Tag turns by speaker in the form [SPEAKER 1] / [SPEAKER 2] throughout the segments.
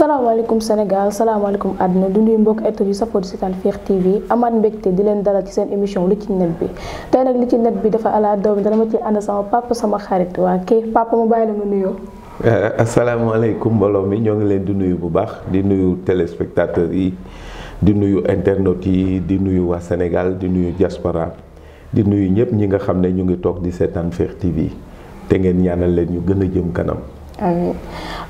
[SPEAKER 1] salaamaaleykum Sénégal salaamaaleykum àdduna du nuyu mbokk état yi safoo di seetaan Fekh TV amaat mbégte di leen dalal ci seen émission li ci net bi tey nag li ci net bi dafa ala doom dana ma ci ànd sama papa sama xarit waa kii papa mu bàyyi la nga nuyoo.
[SPEAKER 2] Eh, asalaamaaleykum mbooloo mi ñoo ngi leen di nuyu bu baax di nuyu téléspectateurs yi di nuyu internautes yi di nuyu waa Sénégal di nuyu jaspora di nuyu ñëpp ñi nga xam ne ñu ngi toog di seetaan Fekh TV te ngeen ñaanal leen ñu gën a jëm kanam.
[SPEAKER 1] amiin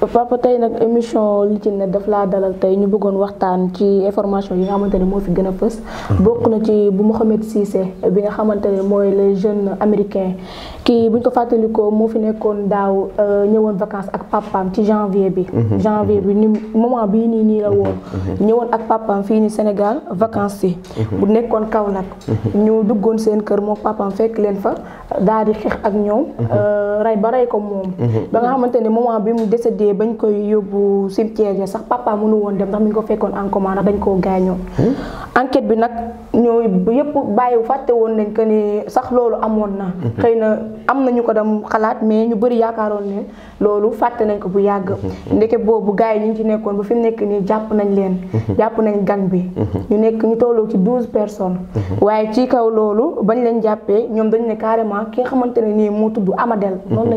[SPEAKER 1] papa tay nak émission li ci ne daf la dalal tay ñu bëggoon waxtaan ci information yi nga xamantene mo fi gëna fess mhm. bokku na ci bu mohamed Cissé bi nga xamantene moy mooy le jeune américain buñ bu ñu ko fàttalikoo moo fi nekkon daw euh, ñëwoon vacances ak papam ci janvier bi. Mhm. Mhm. janvier bi ni moment bi ni ni la woon. ñëwoon ak papam fi ni Sénégal vacances ci bu nekkon kaw nak ñu duggoon seen kër mo papam fekk leen fa daal di xeex ak ñoom. Euh, rey ba rey ko moom. ba nga xamantene ne moment bi mu décédé bañ koy yóbbu cimetière ya sax papa mënu woon dem ndax mi ngi ko fekkoon en coma ndax dañ koo gaañoo. Hmm? enquête bi nag ñooy yëpp bàyyi fàtte woon nañ que ni sax loolu amoon na. Hmm. xëy na am na ñu ko dem xalaat mais ñu bëri yaakaaroon ne loolu fàtte nañ ko bu yàgg. Hmm. ndeke boobu gars yi ñu ci nekkoon ba fi mu nekk nii jàpp nañ leen. jàpp nañ gan bi. ñu nekk ñu tolloo ci douze personnes. waaye ci kaw loolu bañ leen jàppee ñoom dañ ne carrément ki nga xamante ne nii moo tudd Amadel. noonu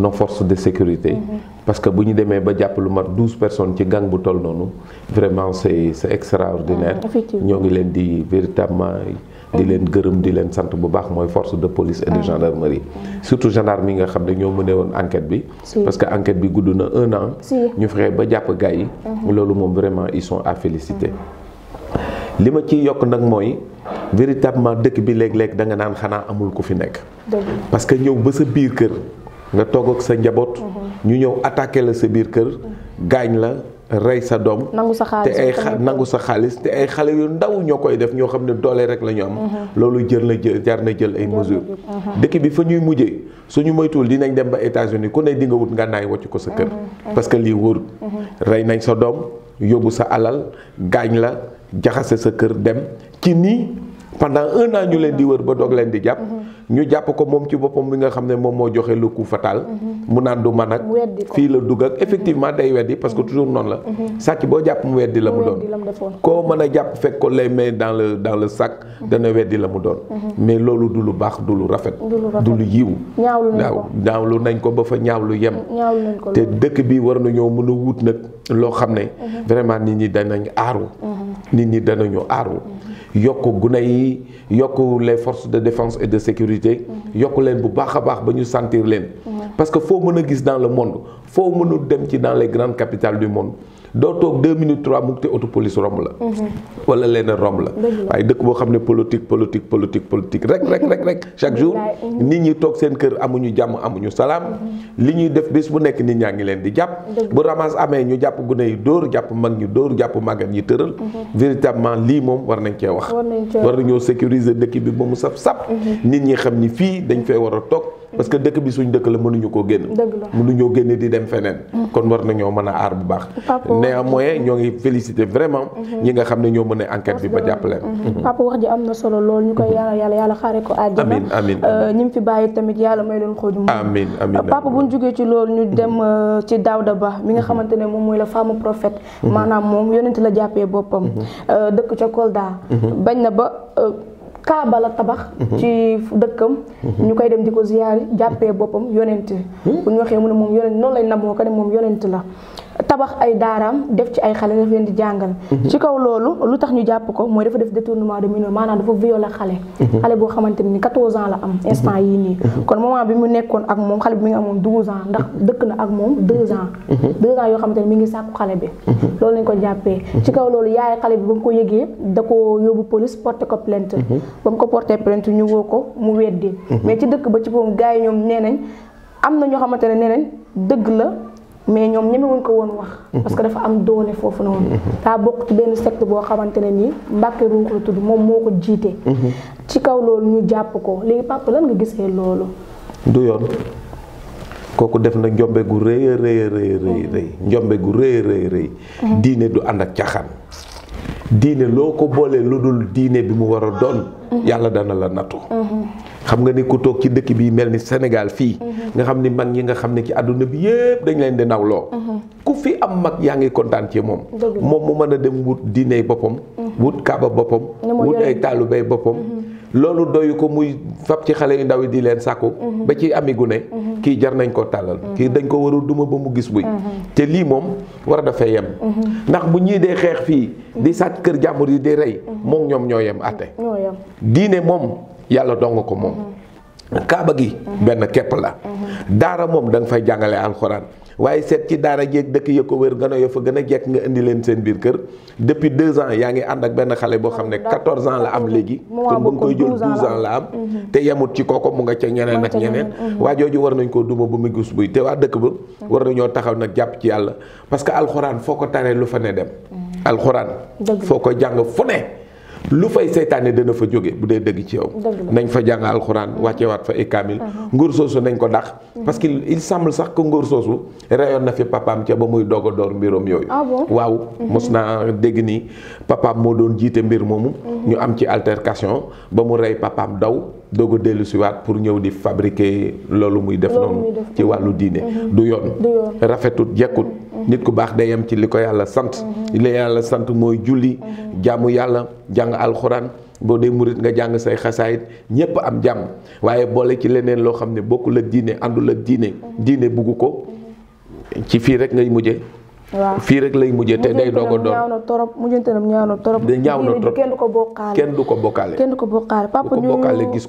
[SPEAKER 2] nos forces de sécurité. Mhm. parce que bu ñu demee ba jàpp lu douze personnes ci gang bu toll vraiment c'est c'est extraordinaire. Ah, nous ngi leen di véritablement di leen gërëm di leen sant bu baax moy force de police et de ah. gendarmerie. surtout gendarme nga xamné ne ñoo enquête bi. parce que enquête bi gudd 1 un an. ñu fexe ba japp gars yi. Mhm. lolu mom vraiment ils sont à féliciter. Mhm. lima ci yok nak moy véritablement dëkk bi lég lég da nga naan xana amul ku fi nek parce que ñëw ba sa biir kër. nga toog ak sa njaboot. Mhm. ñu ñëw attaqué la sa biir kër. gaañ la rey sa doom. nangu sa te ay nangu sa xaalis te ay xale yu ndaw ñoo koy def ñoo xam ne doole rek la ñu am. Mhm. loolu jël na jël jar na jël ay mesures.
[SPEAKER 3] Mhm. dëkk bi
[SPEAKER 2] fa ñuy mujjee suñu moytuwul dinañ dem ba États-Unis ku ne di nga wut nga naay wàcc ko sa kër. parce que lii wóorul. rey nañ sa doom yóbbu sa alal gaañ la jaxase sa kër dem ci nii pendant un an ñu leen di wër ba doog leen di jàpp. ñu jàpp ko moom ci boppam bi nga xam ne moom moo joxee lu coup fatal mhm. mu naan du man ak fii la dugg ak effectivement mhm. day weddi parce que mhm. toujours noonu la sàcc boo jàpp mu weddi la mu doon koo mën a jàpp fekk ko les mains dans le dans le sac dana weddi la mu doon mais loolu du lu baax du lu rafet
[SPEAKER 3] du lu yiw waaw
[SPEAKER 2] ñaawlu nañ ko ba fa ñaawlu yem te dëkk bi war nañoo mën a wut nag loo xam ne vraiment nit ñi danañ aaru nit ñi danañu aaru les forces de défense et de sécurité nous les bu baax sentir parce que nous nous dans le monde faut que dem dans les grandes capitales du monde doo toog deux minutes trois mu te auto police romb la. Mhm. wala leneen romb la. waaye dëkk boo xam ne politique politique politique politique rek rek rek rek chaque jour. Mhm. nit ñi toog seen kër amuñu jàmm amuñu salaam. Mhm. li ñuy def bés bu nekk nit ñaa ngi leen di jàpp. bu ramas amee ñu jàpp gune yi dóor jàpp mag ñu dóor jàpp màggat ñi tëral. véritablement lii moom war nañ cee wax. war
[SPEAKER 3] nañ cee wax
[SPEAKER 2] war sécuriser dëkk bi ba mu saf sap. nit ñi xam ni fii dañ fee war a toog. parce que dëkk bi suñ dëkk la mënuñu koo génn mënuñoo génn di dem feneen kon war nañoo mën a aar bu baax
[SPEAKER 1] néanmoins
[SPEAKER 2] ñoo ngi félicité vraiment mhm. ñi nga xam ne ñoo mën a enquête bi ba jàppaleen mhm. mhm. papa
[SPEAKER 1] wax ji am na solo lool ñu koy yàlla yàlla xaare ko àjjana amiin amiin euh, ñi mu fi bàyyi tamit yàlla may leen xooju amiin amiin papa bu ñu jógee ci loolu ñu dem euh, ci Daouda Ba mi nga xamante ne moom mooy la femme prophète maanaam moom yonent la jàppee boppam euh, dëkk ca Kolda bañ na ba kaaba la tabax mhm. ci dëkkam mhm. ñu koy dem di ko ziyaari jàppee boppam yonent hmm? bu ñu waxee mu ne moom yonent noonu lay namoo ko ne moom yonent la tabax ay daaraam def ci ay xale daf leen di jàngal. Mhm. ci kaw loolu lu tax ñu jàpp ko mooy dafa def détournement de mineur maanaam dafa violé xale. Mhm. xale boo xamante ni 14 ans la am mhm. instant yii nii. kon moment bi mu nekkoon ak moom xale bi mi ngi amoon 12 ans ndax dëkk na ak moom 2 ans. 2 yoo xamante ni mu ngi sàkku xale bi. loolu lañ ko jàppee. ci kaw loolu yaay xale bi ba mu ko yëgee da ko yóbbu police porté ko plainte. ba mu ko porté plainte ñu woo ko mu weddi. mais ci dëkk ba ci boobu gars yi ñoom nee nañ am na ñoo xamante ne nee dëgg la. mais ñoom ñemewuñ ko woon wax. Mhm. parce que dafa am doole foofu noonu. Mhm. daa bokk ci benn secte boo xamante ne nii Mbàkke Ruux la tudd moom moo ko jiite. Mhm. ci kaw loolu ñu jàpp ko léegi papa lan nga gisee loolu.
[SPEAKER 2] du yoon kooku def na njombe gu rëy a rëy rëy gu rëy rëy diine du ànd ak caaxaan. diine loo ko boolee lu dul diine bi mu war a doon. yàlla dana la nattu. xam nga ni ku toog ci dëkk bi mel ni Sénégal fii mhm. nga xam ni mag ñi nga xam ne ci àdduna bi yëpp dañ leen di nawloo mhm. ku fi am mag yaa ngi kontaan ci moom moom mu mën a dem wut diine boppam mhm. wut kaaba boppam wut ay taalubay boppam loolu doyu ko muy fab ci xale yu ndaw yi di leen sàkku ba ci ami gune kii jar nañ koo tàllal kii dañ ko warul duma ba mu gis buy te lii moom war a dafay yem ndax bu ñii dee xeex fii di sàcc kër jàmbur yi di rey moom ñoom ñoo yem àtte moom yàlla dong ko moom kaaba gi benn képp la daara moom da nga fay jàngale alxuraan waaye seet ci daara jéeg dëkk ya ko wér gën a yo fa gën a jekk nga indi leen seen biir kër depuis deux ans yaa ngi ànd ak benn xale boo xam ne quatorze ans la am léegi kon ba nga koy jël douze ans la am mhm. te yemut ci kooko mu nga ca ñeneen ak ñeneen mhm. waa jooju war nañ koo duma bu mu gus buy te waa dëkk ba mhm. war nañoo taxaw nag jàpp ci yàlla parce que alxuraan foo ko taree lu fa dem alxuraan lu fay seytaane dana fa jóge bu dee dëgg ci yow nañ fa jàng alxuraan wàccewaat fa ikaamil mhm. ngóor soosu nañ ko dàq mhm. parce que il semble sax que ngóor soosu reyoon na fi papaam ca ba muy doog a door mbiram yooyu ah waaw mhm. mos naa dégg ni papaam moo doon jiite mbir moomu ñu am ci altercation ba mu rey papaam daw doog a pour ñëw di fabriquer loolu muy def noonu ci wàllu diine du yoon rafetut jekkut nit ku baax day yem ci li ko yàlla sant mhm. li la yàlla sant mooy julli mhm. jàmmu yàlla jàng alxuraan boo dee murit nga jàng say xasaayit ñépp am jàmm waaye boole ci leneen loo xam ne bokkul ak diine àndul la diine mhm. diine bugg ko ci fii rek ngay mujje waaw fii rek lay mujjee te day doog a doon ñaaw na
[SPEAKER 1] trop mujjanteelam ñaaw na trop de ñaaw na trop kenn du ko bokkaale ko bokkaale kenn ko bokkaale papa ñu bokkaale gis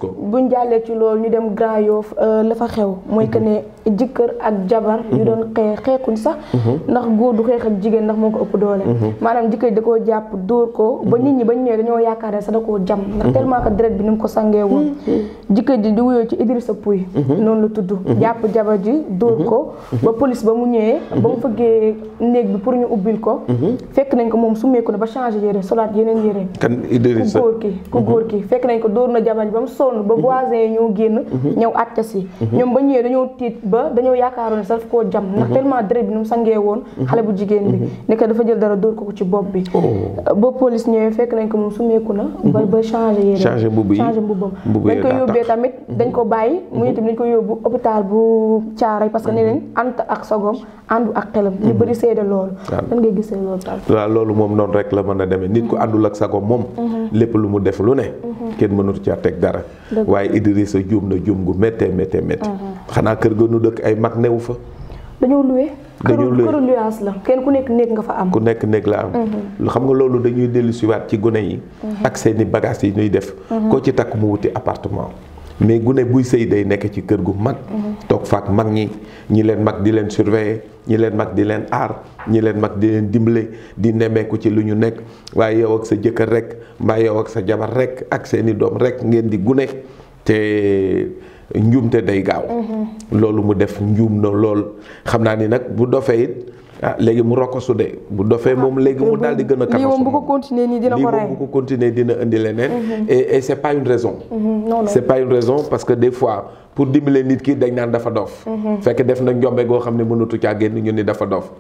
[SPEAKER 1] jëkkër ak jabar ñu mhm. doon xeex xeexuñ sax mhm. ndax góor du xeex ak jigéen ndax moo ko ëpp doole mhm. maanaam jëkkër da koo jàpp dóor ko ba ñi ba ñu dañoo yaakaar ne sax da jam ndax tellement que deret bi ko sangee woon jëkkër ji di wuyoo ci Idrissa Pouye noonu la tudd jàpp jabar ji dóor ko ba police ba mu ñëwee ba mu fëggee néeg bi pour ñu ubbil ko fekk nañ ko moom summeeku na ba changé yére solaat yeneen yére
[SPEAKER 3] kan Idrissa ku góor
[SPEAKER 1] ki ku góor ki fekk nañ ko dóor na jabar ba mu sonn ba voisin yi ñoo génn ñëw àcca ñoom ba ñëwee dañoo tiit ba dañoo yaakaaroon ne sax daf koo jam ndax mhm. tellement deret bi nu sangee woon mhm. xale bu jigéen bi mhm. nekk dafa jël dara dóor ko ko ci bopp bi oh. ba police ñëwee fekk nañ ko moom sumeeku na ba ba changé yére changé mbubb changé mbubbam
[SPEAKER 2] dañ ko yóbbee tamit dañ ko
[SPEAKER 1] bàyyi mu itam dañ ko yóbbu hôpital bu Thiaroye parce que ne leen ant ak sagom àndu ak xelam ñu mhm. bëri seede loolu loolu
[SPEAKER 2] waaw loolu moom noonu rek la mën a demee nit ku mhm. àndul ak sago moom mhm. lépp lu mu def lu ne kenn mënatu ca teg dara waaye Idrissa juum na juum gu méttee méttee méttee xanaa kër ga nu dëkk ay mag newu fa
[SPEAKER 1] dañoo luwe dañoo luwaas la kenn ku nekk néeg nga fa am ku
[SPEAKER 2] nekk néeg la am xam nga loolu dañuy dellu siwaat ci gone yi ak seeni bagages yi ñuy def koo ci takk mu wuti appartement mais gune buy sëy day nekk ci kër gu mag. Mhm. toog faak mag ñi ñi leen mag di leen surveiller ñi leen mag di leen aar ñi leen mag di leen dimbale di nemmeeku ci lu ñu nekk waaye yow ak sa jëkkër rek mbaa yow ak sa jabar rek ak seeni doom rek ngeen di gune te njuumte day gaaw.
[SPEAKER 3] Mhm.
[SPEAKER 2] loolu mu def njuum na lool xam naa ni nag bu dofee it ah léegi mu rokosu de bu dofé mom ah, légui mu daal di gën a kanosu lii bu ko
[SPEAKER 1] continuer ni dina ko ray ni moom
[SPEAKER 2] bu ko continuer dina indi lenen mhm. et et c'est pas une raison
[SPEAKER 1] mhm. non non c'est pas
[SPEAKER 2] une raison parce que des fois pour dimbale nit ki dañ naan dafa dof mhm. fekk def na njombe go xamné mënutu mënatu caa génn ni dafa dof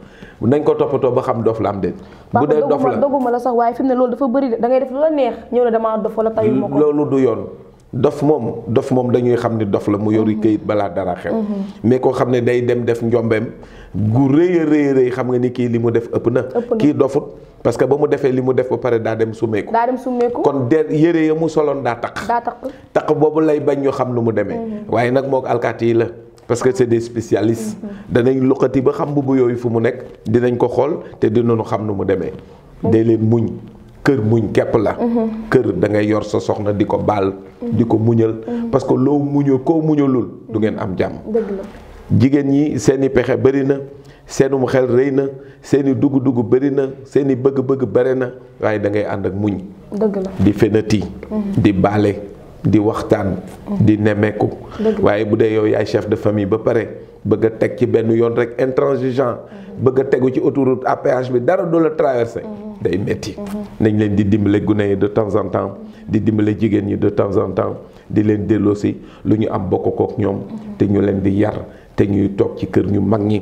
[SPEAKER 2] nañ ko topato ba xam dof la am déet bu dé dof la doguma
[SPEAKER 1] la sax waye fimné lool dafa bëri da ngay def lu la neex ñëw ne dama dof wala tayu mako ko loolu
[SPEAKER 2] du yoon dof moom dof moom dañuy xam ni dof la mu yori mhm. kayit balaa dara xew mhm. mais koo xam ne day dem def njombeem gu rëy a rëy xam nga ni kii li mu def ëpp na kii dofut parce que ba mu defee li mu def ba pare daa dem sumeeku
[SPEAKER 1] daa dem sumeeku kon
[SPEAKER 2] de yëre ya mu soloon daa taq daa taq boobu lay bañ ñu xam nu mu demee mhm. waaye nag mook alkaati la parce que c'est des spécialistes danañ luqati ba xam mbubb yooyu fu mu nekk dinañ ko xool te dinañu xam nu mu demee day leen muñ kër muñ kepp la mhm. kër da ngay yor sa soxna di ko baal mhm. di ko muñal mhm. parce que loo muñul koo muñalul du ngeen am jàmm jigéen ñi seeni pexe bëri na mu xel rëy na seeni dugg-dugg bëri na seeni bëgg-bëgg bëri na waaye dangay ànd ak muñ
[SPEAKER 3] dëgg la di
[SPEAKER 2] fenati di baale di waxtaan di nemmeeku waaye bu dee yow yaay chef de famille ba pare bëgg a teg ci benn yoon rek intransigeant bëgg a tegu ci autoroute à bi dara du la traversé de metti en de temps en temps de temps en de temps en temps di de temps lu ñu am de te ñu leen di yar te ñuy de ci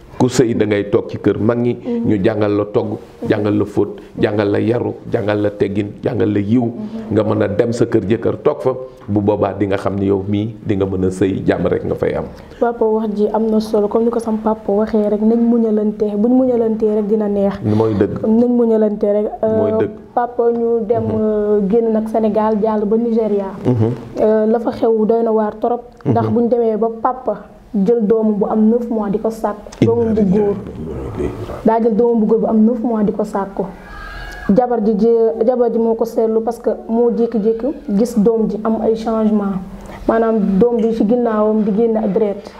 [SPEAKER 2] ku sey da ngay tok ci keur magni mm-hmm. ñu jangal la togg jangal la foot jangal la yaru jangal la teggin jangal la yiw mm-hmm. nga mëna dem sa keur jëkër tok fa bu boba di nga xamni yow mi di nga mëna sey jam rek nga fay am
[SPEAKER 1] papa wax ji amna solo comme niko sam papa waxe rek nañ muñalante buñ muñalante rek dina neex moy deug nañ muñalante rek euh, moy deug papa ñu dem mm-hmm. euh, genn nak Sénégal jall ba Nigeria euh, la fa xew doyna war torop ndax buñ démé ba papa jël doomam bu am 9 mois di ko sàkku. doomam bu góor daa jël doomam bu góor bu am 9 mois di ko sàkku. jabar ji ji jabar ji moo ko seetlu parce que moo jékki jékk gis doom ji am ay changement maanaam doom bi ci ginnaawam di génn deret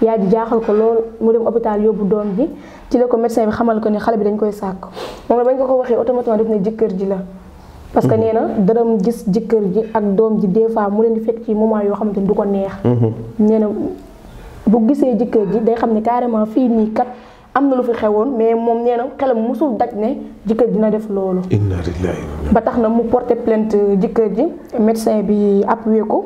[SPEAKER 1] yaay ji jaaxal ko lool mu dem hôpital yóbbu doom bi ci la ko médecin bi xamal ko ne xale bi dañ koy sàkk moom la bañ ko ko waxee automatiquement def ne jëkkër ji la. parce que mhm. nee na dërëm gis jëkkër ji ak doom ji des fois mu leen di fekk ci moment yoo xamante ni du ko neex. Mhm. nee na bu gisee jëkkër ji day xam ne carrément fii nii kat am na lu fi xewoon mais moom nee na xelam mosul daj ne jëkkër dina def loolu. ba tax na mu porté plainte jëkkër ji médecin bi appuyé ko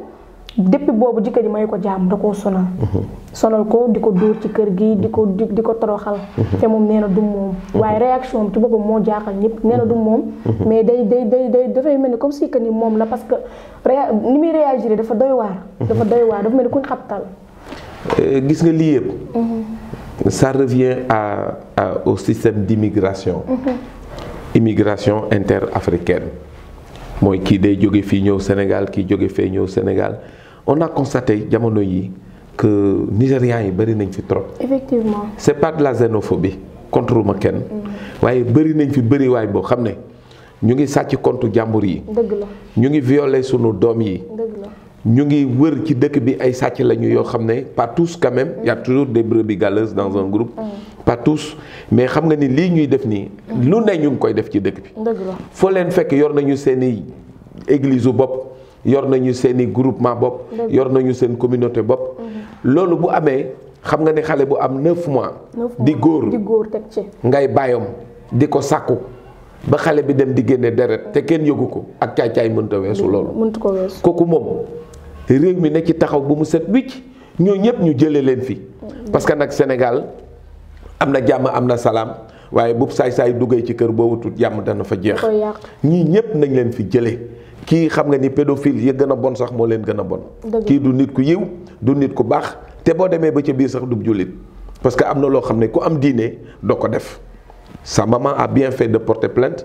[SPEAKER 1] depuis boobu jëkkër ji may ko jaam da koo sonal. Mhm. sonal ko di ko dóor ci kër gi di ko di ko toroxal. Mhm. te moom nee na du moom. Mhm. waaye réaction am ci boppam moo jaaxal ñëpp nee du moom. mais day day day day dafay mel ni comme si que ni moom la parce que ni muy réagir dafa doy waar. dafa doy waar dafa mel ni kuñ xabtal.
[SPEAKER 2] Euh, gis nga li yeb
[SPEAKER 1] mhm.
[SPEAKER 2] ça revient à, à au système d'immigration. Mhm. immigration interafricaine moy ki day jóge fi ñew Sénégal ki jóge fee ñew Sénégal on a constaté jamono yi que Nigériens yi bari nañ fi trop. effectivement c'est pas de la xénophobie contre ma kenn. Mhm. waaye bëri nañ fi bari way bo xamné ñu ngi sàcc compte jambour yi. deug la ñu ngi violer sunu dom yi. deug la ñu ngi wër ci dëkk bi ay sàcc lañu yoo xam ne pas tous quand même il y a toujours des brebis galeuses dans un groupe mm. pas tous mais xam nga ni lii ñuy def nii mm. lu ne ñu ngi koy def ci dëkk bi foo leen fekk yor nañu seeni église u bopp yor nañu seeni groupement bopp yor nañu seen communauté bopp mm-hmm. loolu bu amé xam nga ne xalé bu am 9 mois
[SPEAKER 1] di gor gor di tek ci
[SPEAKER 2] ngay bàyyom di ko sakku ba xalé bi dem di génne deret té kenn yogu ko ak caay-caay mënta weesu loolu mënta ko weesu koku mom réew mi ne ci taxaw ba mu set wicc ñoo ñëpp ñu jëlee leen fi. parce que nag Sénégal am na jàmm am na salaam waaye bu saay-saay duggee ci kër boobu wutul jàmm dana fa jeex. ñii ñëpp nañ leen fi jëlee. kii xam nga ni pédophile yi gën a bon sax moo leen gën a bon. kii du nit ku yiw du nit ku baax te boo demee ba ca biir sax du jullit parce que am na loo xam ne ku am diine doo ko def. sa maman a bien fait de porter plainte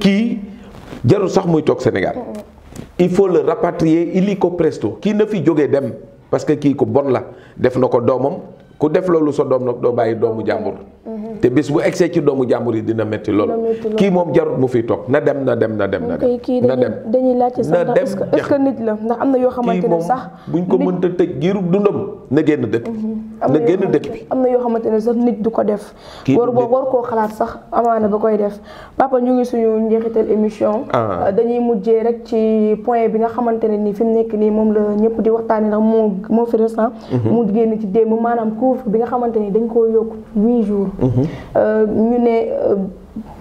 [SPEAKER 2] Qui jaru sax moy tok Sénégal il faut le rapatrier illico presto Qui ne fi jógee dem parce que ki ko bon la def na ko ku def lolou so te bis bu egsee ci doomu jàmbur yi dina métti lool.
[SPEAKER 1] kii moom jarut mu
[SPEAKER 2] fi toog na dem na dem na dem. na dem na dem
[SPEAKER 1] dañuy laajte sax ndax nit la ndax am na yoo xamante ne sax.
[SPEAKER 2] buñ ko mënta tëj giirub dundam na génn dëkk bi. Mhm. na génn dëkk bi
[SPEAKER 1] am na yoo xamante ne sax nit du ko def. kii boo war koo xalaat sax amaana ba koy def papa ñu ngi suñu njeexital émission. Ah. Euh, dañuy mujjee rek ci point bi nga xamante ne ni fi nekk nii moom la ñëpp di waxtaanee ndax moo moo fi récent. Ah. Mhm. mu génn ci démb maanaam couvre bi nga xamante ni dañ koo yokk huit jours Euh, ñu ne euh,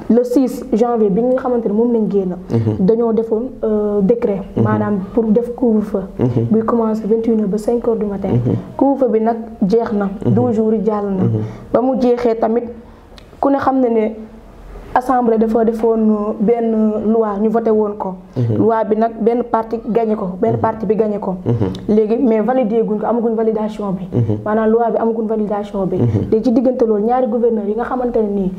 [SPEAKER 1] le 6 janvier bi nga xamante ne moom lañ génn. Mhm. dañoo defoon euh, décret. Mhm. maanaam pour def couvre-feu. Mhm. buy commencé vingt ba cinq heures du matin. couvre-feu bi nag jeex na. douze jour yi jàll na. ba mu jeexee tamit ku ne xam na ne. assemblée dafa defoon benn loi ñu vote woon ko. Mhm. loi bi nag benn parti gagné ko benn mhm. parti bi gagné ko. Mhm. léegi mais validé guñ ko amaguñ validation bi. maanaam loi bi amaguñ validation bi. léegi ci diggante loolu ñaari gouverneur yi nga xamante ne nii.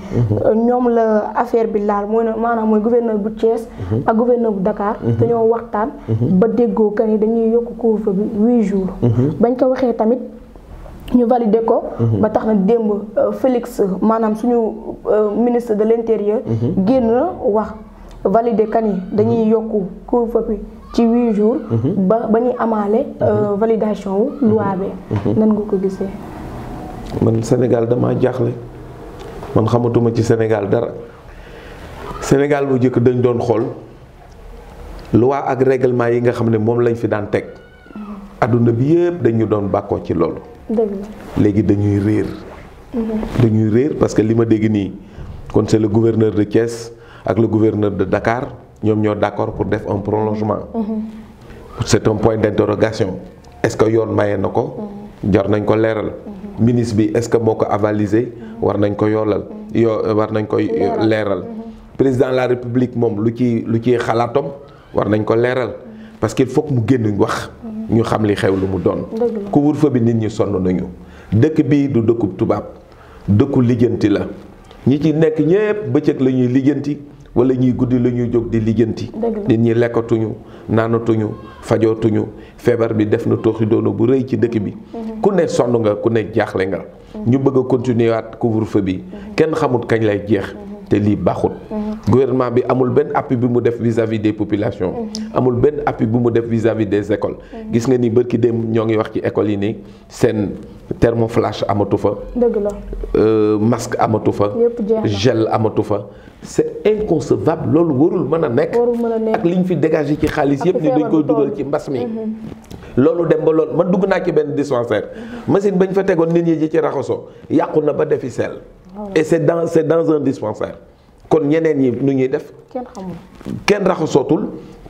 [SPEAKER 1] Euh, ñoom la affaire bi laal mooy maanaam mooy gouverneur bu Thiès. ak gouverneur bu Dakar. dañoo waxtaan. ba déggoo que dañuy yokk couvre bi huit jours. bañ ko waxee tamit. ñu validé ko. Mhm. ba tax na démb euh, Félix maanaam suñu euh, ministre de l'intérieur. Mhm. génn wax validé kan yi dañuy mhm. yokku couvre-feu ci huit jours. ba ba ñuy amaale euh, validation wu loi nan nga ko gisee.
[SPEAKER 2] man Sénégal damaa jaaxle man xamatuma ci Sénégal dara Sénégal bu jëkk dañ doon xool loi ak règlement yi nga xam ne moom lañ fi daan teg. adduna bi yëpp dañu doon bàkkoo ci loolu. léegi dañuy réer. Mhm. dañuy parce que li ma dégg nii quand c'est le gouverneur de Thiès avec le gouverneur de Dakar ils ñoo d'accord pour faire un prolongement. Mhm. c'est un point d'interrogation est-ce que yoon maye na ko. Mhm. jar nañ ko leeral. ministre bi est-ce que moo ko avalisé war nañ ko yoolal yoo war nañ euh, président de la république lui qui ci lu ciy xalaatam war nañ ko leeral parce qu'il faut que mu génn wax. ñu xam li xew lu mu doon couvre-feu bi nit ñi sonn nañu dëkk bii du dëkkub tubaab dëkku lijjanti la ñi ci nekk ñépp bëccëg lañuy ñuy lijjanti wala ñuy guddi la jóg di lijjanti nit ñi lekkatuñu naanatuñu fajootuñu feebar bi def na tooxi doona bu rëy ci dëkk bi mhm. ku ne sonn nga ku ne jaaxle nga mhm. ñu bëgg a continuer waat bi mhm. kenn xamul kañ lay jeex te lii baaxut gouvernement bi amul ben appui bi mu def vis-à-vis des populations. Mhm. amul ben appui bi mu def vis-à-vis des écoles. Mhm. gis nga ni barki dem ñongi wax ci école yi nii seen thermoflash amatu fa. dëgg la euh, masque amatu fa. gel amatu fa. c'est inconcevable lolu warul meuna nek ak liñ fi dégagé ci xaliss yépp ni dañ koy dugal ci mbass mi. Mhm. lolu dem ba loolu man dugg naa ci ben dispensaire machine bañ fa tegoon nit ñi ci raxoso yaquna na ba defi sel. Ah et c'est dans c'est dans un dispensaire. kon ñeneen ñi nu ñuy def. kenn xamul kenn raxasootul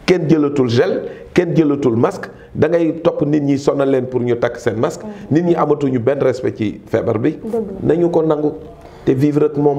[SPEAKER 2] kenn jëlatul gel kenn jëlatul masque da ngay topp nit ñi sonal leen pour ñu takk seen masque. Mm. nit ñi amatuñu benn respect ci feebar bi. nañu ko nangu te vivre moom.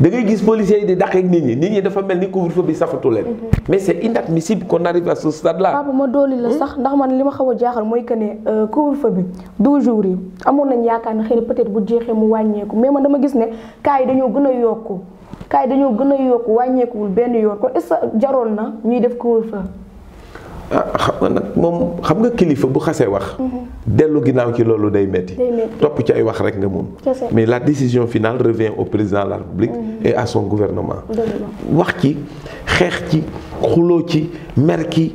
[SPEAKER 2] da ngay gis policiers yi di dàqeeg nit ñi nit ñi dafa mel ni couvre-feu bi safatu leen. Mm-hmm. mais c' est inadmissible qu' on arrive à ce stade là. papa
[SPEAKER 1] ma dooli la hmm? sax ndax man li ma xaw a jaaxal mooy que ne euh, couvre-feu bi 12 jours yi amoon nañ yaakaar ne na peut-être bu jeexee mu wàññeeku mais man dama gis ne cas yi dañoo gën a yokku cas yi dañoo gën a yokku wàññeekuwul benn yoon kon est jaroon na ñuy def couvre-feu.
[SPEAKER 2] Je ah, xam nga kilifa bu xasse wax. Mhm. mais la décision finale revient au président de la République. Mhm. et à son gouvernement. wax ci xex ci qui, ci mer ki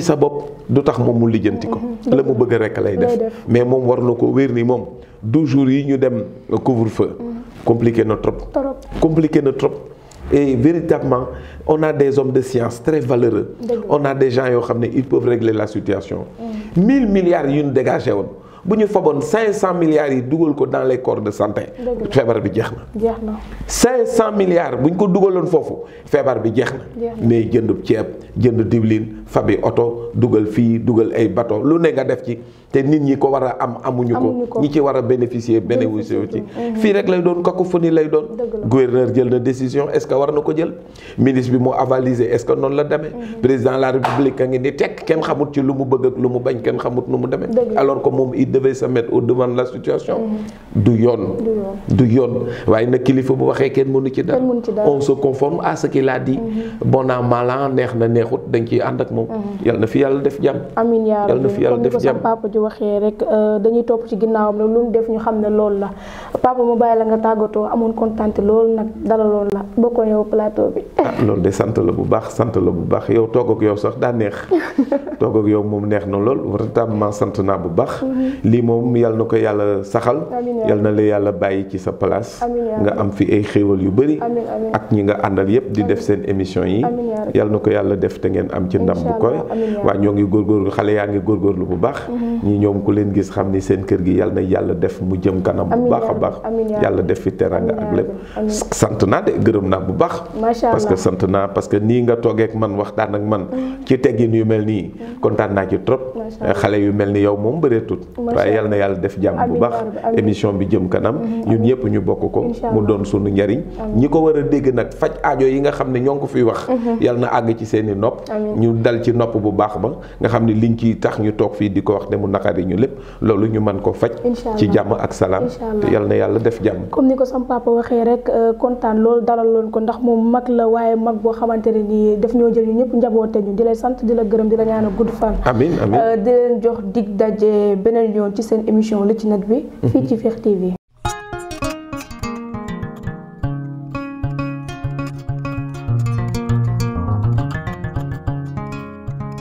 [SPEAKER 2] sa bop du tax mom mu lijeenti ko. Mhm. la mu bëgg rek lay def mais mom war na ko ni 12 jours yi ñu couvre-feu. compliqué notre trop. compliqué notre trop. Et véritablement, on a des hommes de science très valeureux. On a des gens qui peuvent régler la situation. 1000 mm. milliards, ils nous dégagent bu ñu faboon 500 milliards yi dugal ko dans les corps de santé. feebar bi jeex na. 500 milliards bu ñu ko dugaloon foofu feebar bi jeex mais jëndub ceeb jënd diwlin fabi oto dugal fii dugal ay bateau lu ne nga def ci te nit ñi ko wara am amuñu ko. ñi ci war bénéficier bénéficier ci. fii rek lay doon cacophonie lay doon. gouverneur jël na décision est-ce que war na ko jël ministre bi moo avalisé est-ce que non la demee. Mhm. président de la république a ngi ni tekk kenn xamut ci lu bëgg ak lu bañ kenn xamut nu mu demee. alors que moom devait se mettre au devant de la situation mhm. du yoon du yoon waye nag kilifa bu waxe ken mënu ci dal on se conforme à ce qu'il a dit mhm. bon an mal an neex na neexut dañ ciy ànd ak moom mhm. yàlla na fi yalla def jam
[SPEAKER 1] amin ya yàlla na fi yalla def jam papa ji waxe rek euh, dañuy top ci ginaawam la lu mu def ñu xam lool la papa mu bàyyi la nga tagoto amoon kontaan lool nak dalalon la bokkoon yow plateau bi
[SPEAKER 2] ah, lool de sante la bu baax sante la bu baax yow toog ak yow sax da neex toog ak yow mom neex na lool vraiment sante na bu baax lii moom yal na ko yàlla saxal yal na la yàlla bàyyi ci sa place nga am fi ay xéewal yu bëri ak ñi nga àndal yépp di def seen émission yi yal na ko yàlla def te ngeen am ci ndam bu koy waa ñoo ngi góorgóorlu xale yaa ngi góor góorlu bu baax mm-hmm. ñi ñom ku leen gis xamni seen kër gi yalla na yalla def mu jëm kanam bu baaxa baax yalla def fi teranga ak lepp sant na de gëreum na bu baax parce que sant na parce que ni nga toogeek man waxtaan ak man mm. ci teggin yu mel mm. kontaan ci trop xalé yu mel ni yow moom tut waaye yalla na yalla def jamm bu baax émission bi jëm kanam mm-hmm, ñun ñepp ñu bokk ko mu doon sunu ñariñ ñi ko wara dégg nak faj aajo yi nga xamni ne ko fiy wax mm-hmm. yalla na ag ci seen nopp ñu dal ci nopp bu baax ba nga xamni liñ ci tax ñu tok fi di wax demu naqar ñu lépp loolu ñu mën ko faj
[SPEAKER 1] ci jàmm ak salaam te
[SPEAKER 2] yal na yàlla def jàmm
[SPEAKER 1] comme ni ko sam papa waxee rek euh, kontaan loolu dalal loon ko ndax moom mag la waaye mag boo xamante ne nii daf ñoo jël ñu ñëpp njaboote ñu di lay sant di la gërëm di la ñaan a gudd fan
[SPEAKER 2] amin euh,
[SPEAKER 1] di leen jox dig daje beneen yoon ci seen émission li ci net bi fii ci Fekh TV